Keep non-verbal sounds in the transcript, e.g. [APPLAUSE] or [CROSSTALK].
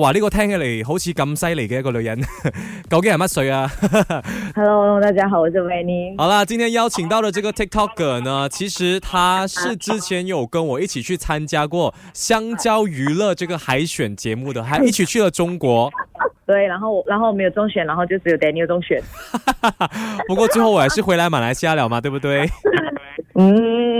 話呢、這個聽起嚟好似咁犀利嘅一個女人，究竟係乜水啊 [LAUGHS] ？Hello，大家好，我係 Vani。好啦，今天邀請到呢個 TikTok Girl 嘅呢，其實她是之前有跟我一起去參加過香蕉娛樂這個海選節目嘅， [LAUGHS] 還一起去了中國。對，然後然後沒有中選，然後就只有 Daniel 中選。 [LAUGHS] 不過最後我還是回來馬來西亞了嘛，對不對？ [LAUGHS] 嗯。